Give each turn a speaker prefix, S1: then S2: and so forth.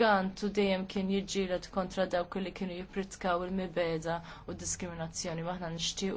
S1: ġgantu dejjem kien jiġġieled kontra dawk li kienu jippritkaw il-mibeda u d diskriminazzjoni maħna nixtiequ